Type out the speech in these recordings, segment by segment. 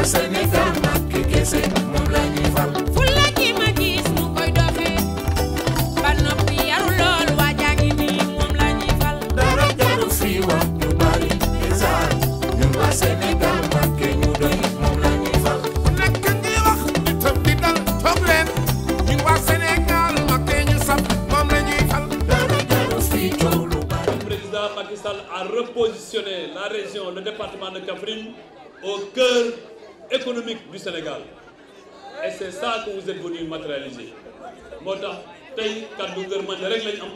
doomu Sénégal Macky kese moom la ñuy fal fu la ki ma gis mu koy dofe ba noppi yaru lool waa jaangi ni moom la ñuy fal dara jaru fi wax ñu bari desaar ñun waa Sénégal Macky ñu doy moom la ñuy fal ku nekk ngi wax ñu tëb di dal toog leen ñun waa Sénégal Macky ñu sab moom la ñuy fal dara jaru fi coow lu bari président Macky Sall a repositionné la région le département de Kaffrine au cœur économique du Sénégal et c'est ça que vous êtes venu matérialiser moo tax tey kàddu ngërmande rek lañ am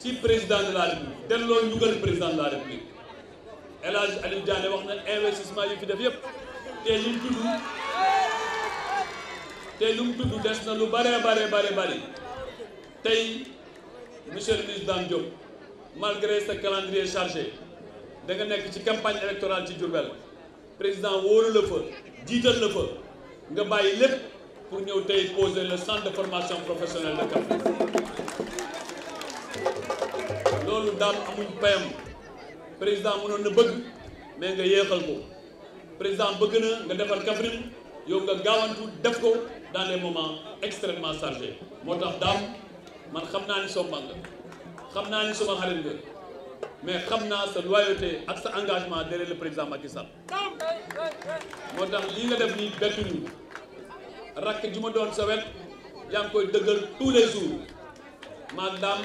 ci président de la république delloo njugal président de la république El Hadj Aliou Diané wax na investissement yi fi def yëpp te lu mu tudd te lu mu tudd des na lu bëree bare bare bëri tey monsieur le ministre Dame Diop malgré sa calendrier chargé da nga nekk ci campagne électorale ci Diourbel président wóolu la fa jiital la fa nga bàyyi lépp pour ñëw tey poser le centre de formation professionnelle de Kaffrine loolu daal amuñ payam président mënoon na bëgg mais nga yéexal ko président bëgg na nga defar Kaffrine yow nga gaawantu def ko dans des moments extrêmement chargés moo tax daam man xam naa ni soo mag xam naa ni suma xarit nga mais xam naa sa loyauté ak sa engagement derrière le président Macky Sall moo tax lii nga def nii bettuñu rakk ju ma doon sa wet yaa ngi koy dëggal tous les jours maanaam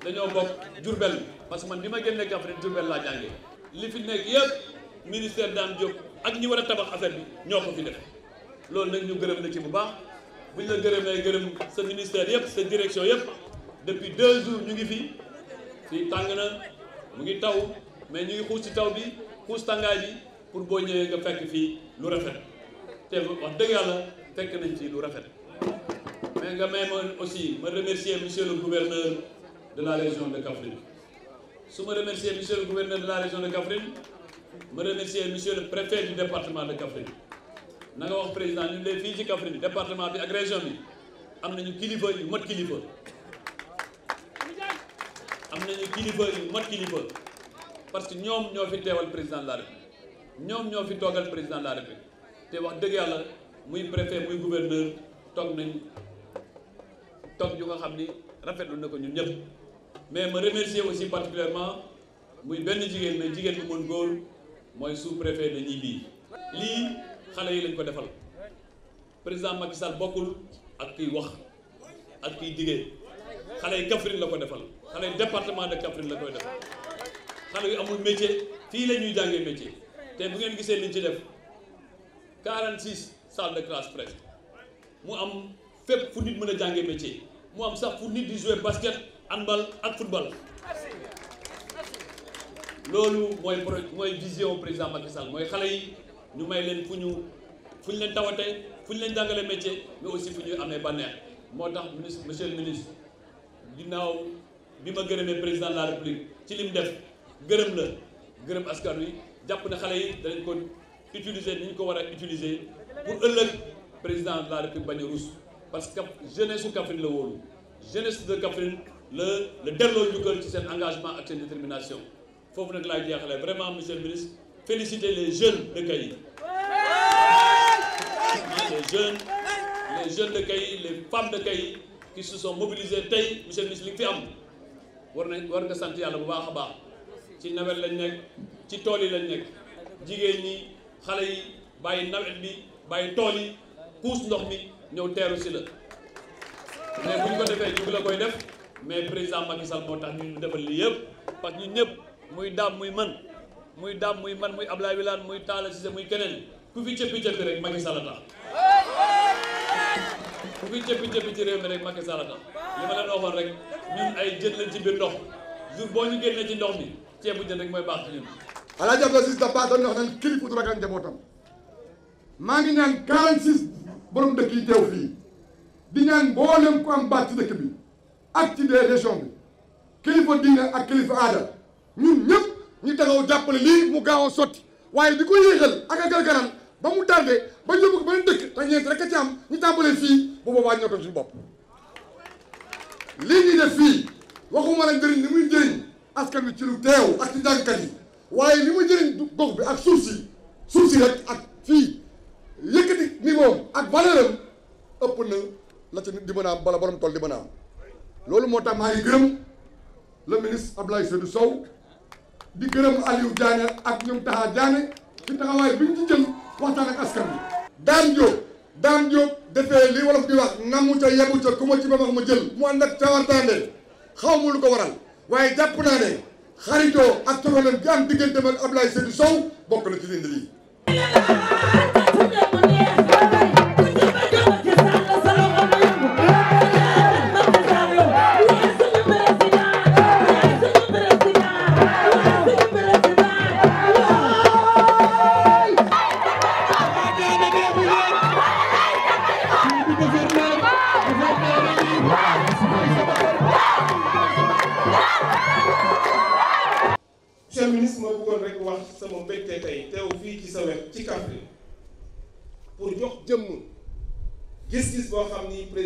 dañoo bokk Diourbel parce que man bi ma gën génnee Kaffrine Diourbel laa jànge li fi nekk yëpp ministère Dame Diop ak ñi war a tabax affaire bi ñoo ko fi def loolu nag ñu gërëm la ci bu baax bu ñu la gërëmee gërëm sa ministère yëpp sa direction yëpp depuis deux jours ñu ngi fi fii tàng na. mu ngi taw mais ñu ngi xuus ci taw bi xuus tàngaay bi pour boo ñëwee nga fekk fii lu rafet te wax dëgg yàlla fekk nañ ci lu rafet mais nga may ma aussi ma remercier monsieur le gouverneur de la région de Kaffrine su ma remercier monsieur le gouverneur de la région de Kaffrine ma remercier monsieur le préfet du département de Kaffrine na wax président ñu ngi lay fii ci Kaffrine département bi ak région bi am nañu kilifa yu mat kilifa nañu kilifa yu mat kilifa parce que ñoom ñoo fi teewal président de la ñoom ñoo fi toogal président de la te wax dëgg yàlla muy préfet muy gouverneur toog nañ toog yu nga xam ni rafetlu na ko ñun ñëpp mais ma remercier aussi particulièrement muy benn jigéen na jigéen bu mën góor mooy sous préfet de Gniby lii xale yi lañ ko defal président Macky Sall bokkul ak kiy wax ak kiy digee xale yi Kaffrine la ko defal xale yu département de Kaffrine la koy def xale yu amul métier fii la ñuy jàngee métier te bu ngeen gisee liñ ci def 46 salles de classe presque mu am fépp fu nit mën a jàngee métier mu am sax fu nit di jouer basket handball ak football loolu mooy pro mooy vision président Macky Sall mooy xale yi ñu may leen fu ñu fu ñu leen tawatee fu ñu leen jàngalee métier mais aussi fu ñuy amee bànneex moo tax ministre monsieur le ministre ginnaaw. bi ma gërëmee président de la république ci li mu def gërëm la gërëm askan wi jàpp ne xale yi danañ ko utiliser ni ñu ko war utiliser pour ëllëg président de la république bañ a rus parce que jeunesse su Kaffrine la wóolu jeunesse de Kaffrine la la delloo njukkal ci seen engagement ak seen détermination foofu nag laay jeexalee vraiment monsieur le ministre féliciter les jeunes de Kayi les jeunes les jeunes de Kayi les femmes de kay qui se sont mobilisées tey monsieur le ministre li am. war na war nga sant yàlla bu baax a baax ci nawet lañ nekk ci tool yi lañ nekk jigéen ñi xale yi bàyyi nawet bi bàyyi tool yi puus ndox mi ñëw teeru si la mais bu ñu ko defee jug la koy def mais président Macky Sall moo tax ñu defal lii yëpp parce que ñun ñëpp muy daam muy man muy daam muy man muy Abdoulaye Wilane muy Talla Cissé muy keneen ku fi cëppi cëppi rek Macky Sall tax ku fi jëppi jëppi ci réew mi rek Macky Sall tax li ma leen waxoon rek ñun ay jën lañ ci biir ndox jour boo ñu génnee ci ndox mi ceebu jën rek mooy baax ci ñun alaaji Abdou Aziz Dabakh doon wax du ragal njabootam maa ngi ñaan 46 borom dëkk yi teew fii di ñaan mboolem ku am baat ci dëkk bi ak ci des régions bi kilifa diina ak kilifa aada ñun ñëpp ñu taxaw jàppale lii mu gaaw a sotti waaye di ko yéexal ak a gargaral ba mu tardé ba yóbbu ko beneen dëkk te ñeent rek a ci am ñu tàmbalee fii bu boobaa ñoo toog suñu bopp lii ñuy def fii waxuma la njëriñ li muy njëriñ askan wi ci lu teew ak ci njàngkat yi waaye li muy njëriñ gox bi ak suuf si suuf si rek ak fii yëkkati niveau ak valeur ëpp na la ci di mën a am bala borom tool di mën am loolu moo tax maa ngi gërëm le ministre Abdoulaye Seydou Sow di gërëm Aliou Diagne ak ñoom Taha Diagne ci taxawaay bi ñu jël. waxtaan ak askan bi Dame Diop Dame Diop defee li wolof di wax namu ca yebu ca ku ma ci ba wax ma jël mu ànd ak tawartaande xaw ma lu ko waral waaye jàpp naa ne xaritoo ak coxalam gi am diggante ak Ablaye Seydou Sow bokk na ci lindi lii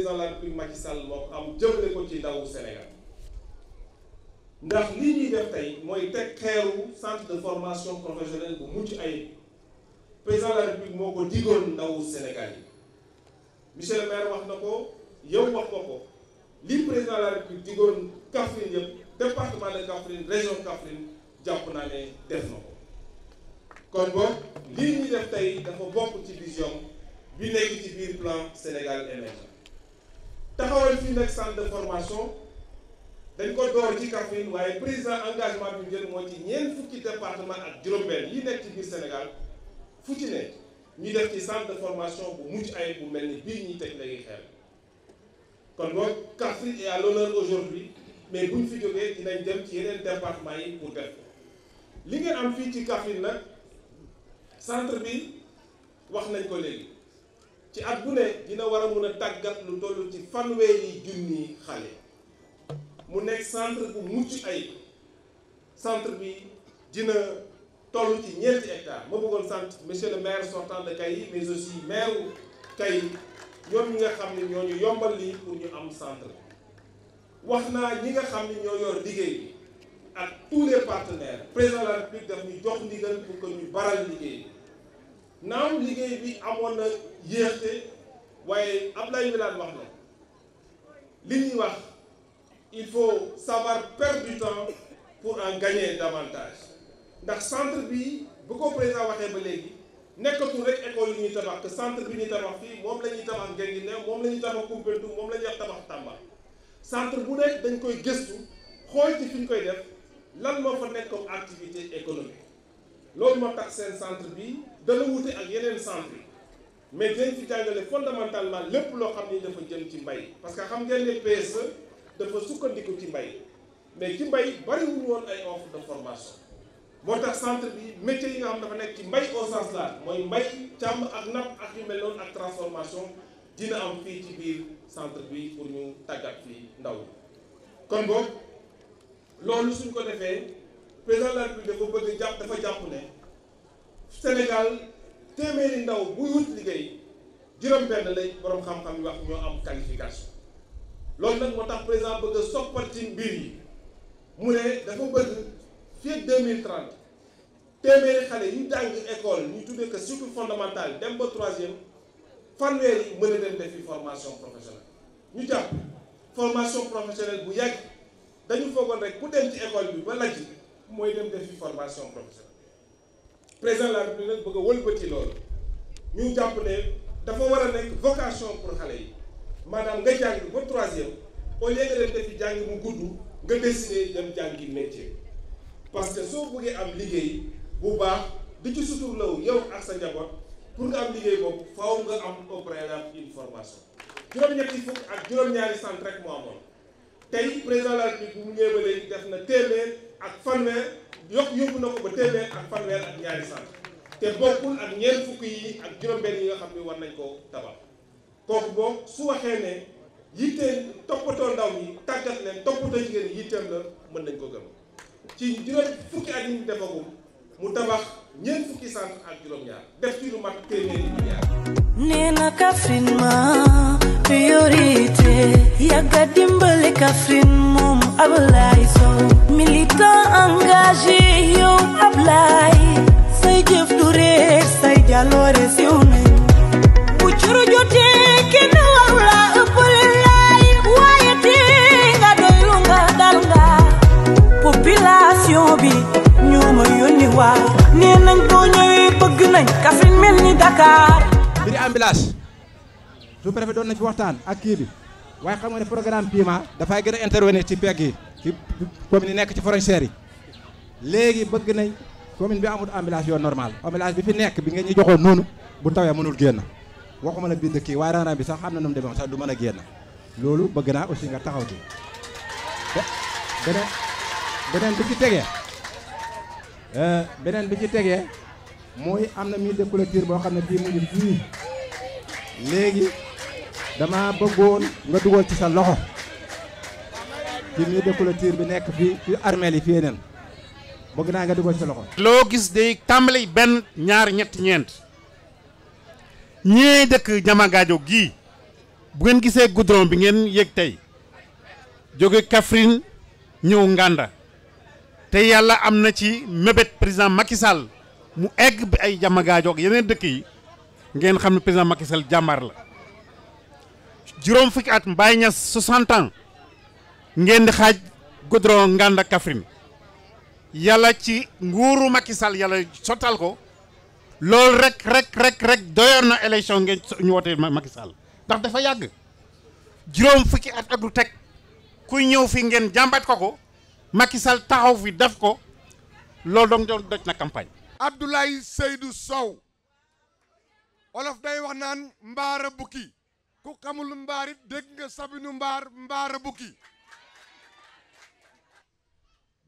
président de la République Macky Sall moo ko am jëmale ko ci ndawu Sénégal ndax li ñuy def tey mooy teg xeeru centre de formation professionnelle bu mucc ayib président de moo ko digoon ndawu Sénégal yi monsieur maire wax na ko yow wax ko ko li président de la République digoon Kaffrine région Kaffrine jàpp naa ne def na ko kon boog lii ñuy def tey dafa bokk ci vision bi nekk ci biir plan Sénégal émergent taxawal fii nag centre de formation dañ ko door ci Kaffrine waaye président engagement bi jël moo ci ñeent fukki département ak juróom-benn yi nekk ci biir Sénégal fu ci ne ñu def ci centre de formation bu mucc ayib bu mel ni bii ñu teg léegi xel kon boog Kaffrine est à l'honneur aujourd'hui mais buñ fi jógee dinañ dem ci yeneen département yi pour def li ngeen am fii ci Kaffrine nag centre bi wax nañ ko léegi ci at bu ne dina war a mun a tàggat lu toll ci fanweeri junni xale mu nekk centre bu mucc ay centre bi dina toll ci ñeenti hectares ma bëggoon sant monsieur le maire sortant de Kayi mais aussi maire wu Kayi ñi nga xam ne ñoo ñu yombal li pour ñu am centre wax naa ñi nga xam ne ñoo yor liggéey bi ak tous les partenaires président la République daf ñu jox ndigal pour ñu baral liggéey naam liggéey bi amoon na yéexte waaye Abdoulaye Wilane wax na li ñuy wax il faut savoir perdre du temps pour en gagner davantage ndax centre bi bu ko président waxee ba léegi nekkatu rek école yi ñuy tabax que centre bi ñuy tabax fii moom la ñuy tabax Guinguinéo moom la ñuy tabax Koumpentoum moom la ñuy tabax Tamba centre bu nekk dañ koy gëstu xool ci fi ñu koy def lan moo fa nekk activité économique loolu moo tax seen centre bi dana wute ak yeneen centre mais dinañ fi jàngale fondamentalement lépp loo xam ni dafa jëm ci mbay parce que xam ngeen ne PSE dafa sukkandiku ci mbay mais ci mbay bariwul woon ay offre de formation moo tax centre bi métier yi nga xam dafa nekk ci mbay au sens large mooy mbay càmm ak napp ak yu mel ak transformation dina am fii ci biir centre bi pour ñu tàggat fii ndaw kon boog loolu suñ ko defee président de la République dafa bëgg jàpp dafa jàpp ne Sénégal téeméeri ndaw buy wut liggéey juróom-benn lay borom xam-xam yi wax ñoo am qualification loolu nag moo tax président bëgg a soppati mbir yi mu ne dafa bëgg fii ak deux mille trente téeméeri xale yu jàng école ñu tuddee que surtout fondamental dem ba troisième fanweer yi mën a dem defi formation professionnelle ñu jàpp formation professionnelle bu yàgg dañu foogoon rek ku dem ci école bi ba lajj mooy dem defi formation professionnelle. président de la République nag bëgg a wëlbati loolu ñu jàpp ne dafa war a nekk vocation pour xale yi maanaam nga jàng ba troisième oo lieu nga dem defi jàng mu gudd nga décidé dem jàngi métier parce que soo bëggee am liggéey bu baax di ci suturlaw yow ak sa njaboot pour nga am liggéey boobu faaw nga am au préalable une formation juróom-ñetti fukk ak juróom-ñaari sant rek moo amoon tey président de la mu ñëwee def na téeméer ak fanweer. yokk yóbbu na ko ba téeméer ak fanweer ak ñaari sant te bokkul ak ñeen fukk yi ak juróom-benn yi nga xam ni war nañ ko tabax kooku boo su waxee ne yitteel toppatoo ndaw ñi tàggat leen toppatoo jigéen ñi yitteem la mën nañ ko gëm ci juróom fukki at yi ñu defagum mu tabax ñeent fukki sant ak juróom-ñaar def ci lu mat téeméeri milliards nee na ma priorité yàgga dimbale Kaffrine moom Ablaye Sow militant engagé yow Ablaye say jëf du réer say jaloore siw nañ bu curu jotee kenn waru la ëppale laay waaye tee nga doylu nga dal nga bi ñoo yónni waa nee nañ ñëwee bëgg nañ Kaffrine mel ni Dakar village sous-préfet doon na fi waxtaan ak kii bi waaye xam nga ne programme PIMA dafay gën a intervenir ci pegg yi ci commune nekk ci frontières yi léegi bëgg nañ commune bi amul ambulance yoon normal ambulance bi fi nekk bi nga ñu joxoon noonu bu tawee mënul génn waxuma la biir dëkk yi waaye rang bi sax xam na nu mu demee sax du mën a génn loolu bëgg naa aussi nga taxaw ci beneen beneen bi ci tegee euh, beneen bi ci tegee mooy am na mille de clôture boo xam ne léegi dama bëggoon nga dugal ci sa loxo ci mur de bi nekk fi fi armeel yi fi yeneen bëgg naa nga dugal ci sa loxo loo gis day tàmbali benn ñaar ñetti ñeent ñee dëkk jamagaajo gii bu ngeen gisee goudron bi ngeen yëg tey jóge Kaffrine ñëw ngànda te yàlla am na ci mébét président Macky mu egg bi ay jamagaajo ak yeneen dëkk yi ngeen xam ne président Macky Sall jàmbaar la juróom fukki at Mbaye Niass 60 ans ngeen di xaaj goudron Nganda Kaffrine yàlla ci nguuru Macky Sall yàlla sottal ko loolu rek rek rek rek na élection ngeen ñu wootee Macky Sall ndax dafa yàgg juróom fukki at ak teg kuy ñëw fi ngeen jàmbat ko ko Macky Sall taxaw fi def ko loolu donc doj na campagne Abdoulaye Seydou soow olof day wax naan mbaara bukki ku xamul mbaar it dégg nga sabinu mbaar mbaara bukki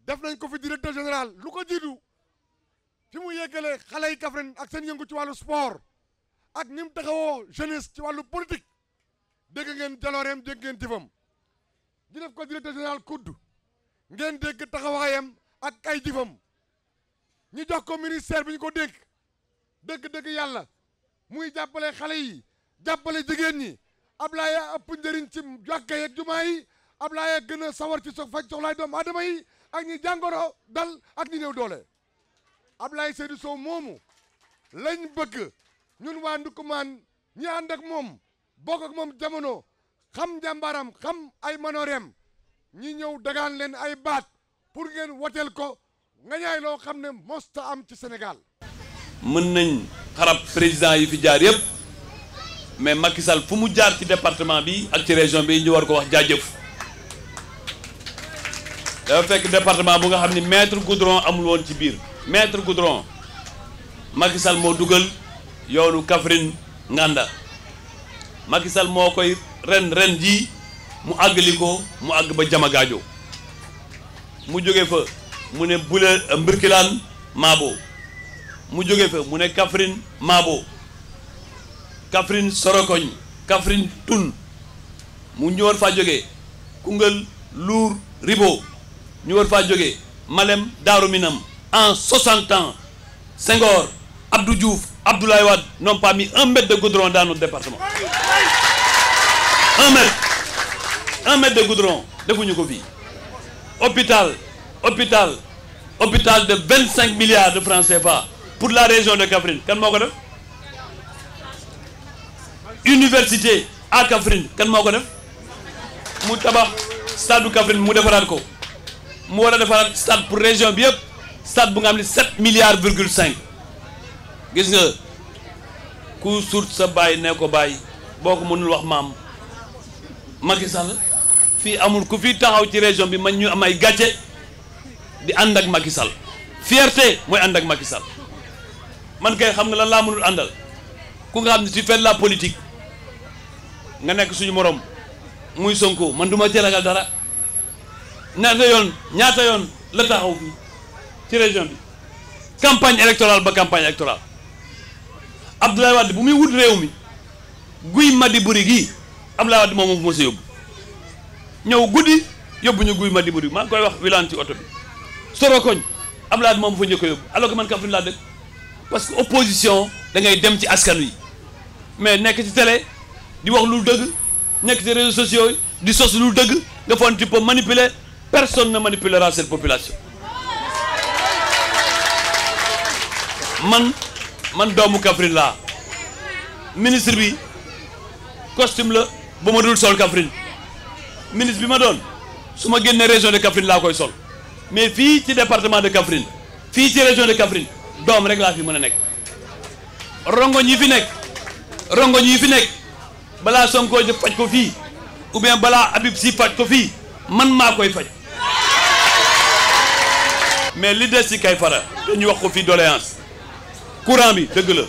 def nañ ko fi directeur général lu ko jiitu fi mu yeggale xale yi Kaffrine ak seen yëngu ci wàllu sport ak ni mu taxawoo jeunesse ci wàllu politique dégg ngeen jalooreem dégg ngeen jëfam di def ko directeur général kudd ngeen dégg taxawaayam ak ay jëfam ñu jox ko ministère bi ñu ko dénk dëgg-dëgg yàlla muy jàppale xale yi jàppale jigéen ñi Ablaye ëpp njëriñ ci jàkka yeeg jumaa yi Ablaye gën a sawar ci sox faj soxlaay doomu aadama yi ak ñi jàngoro dal ak ñi néew doole Ablaye Seydou Sow moomu lañ bëgg ñun waa Ndoukoumane ñi ànd moom bokk moom jamono xam njàmbaaram xam ay manoreem ñi ñëw dagaan leen ay baat pour ngeen woteel ko nga loo xam ne mosta am ci Sénégal mën nañ xarab président yi fi jaar yëpp mais Macky fu mu jaar ci département bi ak ci région bi ñu war ko wax jaajëf dafa fekk département bu nga xam ni maître goudron amul woon ci biir maitre goudron Macky Sall moo dugal yoonu kafrin Nganda Macky moo koy ren ren jii mu àggali ko mu àgg ba Diamagaajo mu jóge fa mu ne bule Mbirkilaan Maabo mu jóge fa mu ne Kaffrine Mabo Kaffrine Sorokoñ Kaffrine Tun mu ñu war faa jóge Koungheul Lour Ribo ñu war faa jógee Malem Daaru Minam en 60 ans Senghor Abdou Diouf Abdoulaye Wade n'ont pas mis un mètre de goudron dans notre département un mètre un mètre ko fii hôpital hôpital hôpital de 25 milliards de francs CFA pour la région de Kaffrine kenn moo ko def université à Kaffrine kenn moo ko def mu tabax stade bu Kaffrine mu defaraat ko mu war a defaraat stade pour région bi yëpp stade bu nga am ne sept milliards virgule cinq gis nga ku suut sa baay ne ko bàyyi boo ko mënul wax maam Macky Sall fii amul ku fi taxaw ci région bi man ñu am ay gàcce di ànd ak Macky Sall fierté mooy ànd ak Macky man kay xam nga lan laa mënul àndal ku nga xam ne tu fais la politique nga nekk suñu morom muy Sonko man duma ma ci ragal dara ñaata yoon ñaata yoon la taxaw fii ci région bi campagne électorale ba campagne électorale Abdoulaye Wade bu muy wut réew mi guy madi buri gii Abdoulaye Wade moom moo sa yóbbu ñëw guddi yóbbu ñu guy madi buri maa ngi koy wax wilaan ci oto bi soro koñ Abdoulaye Wade moom fa njëkk a yóbbu alors que man Kaffrine laa dëkk parce que opposition da ngay dem ci askan wi mais nekk ci télé di wax lu dëgg nekk ci réseaux sociaux di sos lu dëgg nga foog tu peux manipuler personne ne manipulera cette population man man doomu Kaffrine laa ministre bi costume la ba ma dul sol Kaffrine ministre bi ma doon su ma génnee région de Kaffrine laa koy sol mais fii ci département de Kaffrine fii ci région de Kaffrine doom rek laa fi mën a nekk rongoñ yi fi nekk rongoñ yi fi nekk balaa Sonko jë faj ko fi ou balaa Habib si faj ko fii man maa koy faj mais li des ci kay fara dañu wax ko fii doléance courant bi dëgg la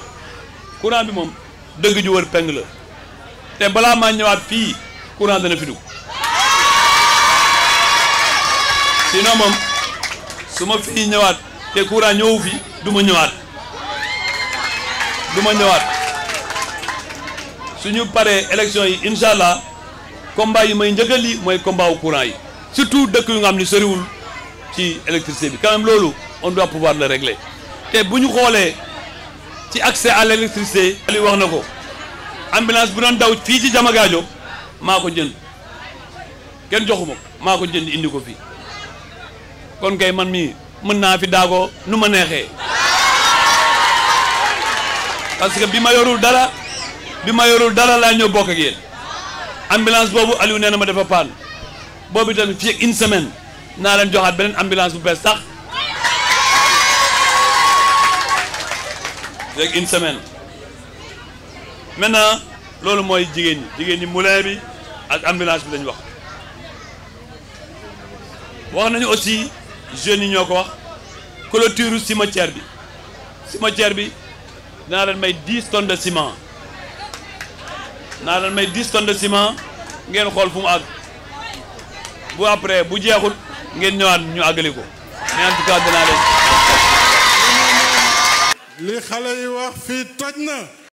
courant bi moom dëgg ju wër la te balaa maa ñëwaat fii courant dana fi dugg sinon suma su ma ñëwaat te courant ñëw fi du ma ñëwaat du ma ñëwaat suñu paree élection yi incha allah combat yi may njëkk li mooy combat wu yi surtout dëkk yu nga xam ni soriwul ci électricité bi quand loolu on doit pouvoir le régler te bu ñu xoolee ci accès à l' électricité li wax na ko ambulance bu doon daw fii ci Diamagaajo maa ko jënd kenn joxuma maa ko jënd indi ko fii kon kay man mii mën naa fi daagoo nu ma neexee parce que bi ma yorul dara bi ma yorul dara laa ñëw bokk ak ambulance boobu Aliou nee na ma dafa paan boobu itam fii ak une semaine naa leen joxaat beneen ambulance bu bees sax fii ak une semaine maintenant loolu mooy jigéen ñi jigéen ñi moulin bi ak ambulance bi lañ wax wax nañu aussi. jeunes yi ñoo ko wax clôture cimetière bi cimetière bi dinaa leen may 10 tonnes de ciment dinaa leen may 10 tonnes de ciment ngeen xool fu mu àgg bu après bu jeexut ngeen ñëwaat ñu àggali ko mais en tout cas li xale yi wax fii toj na.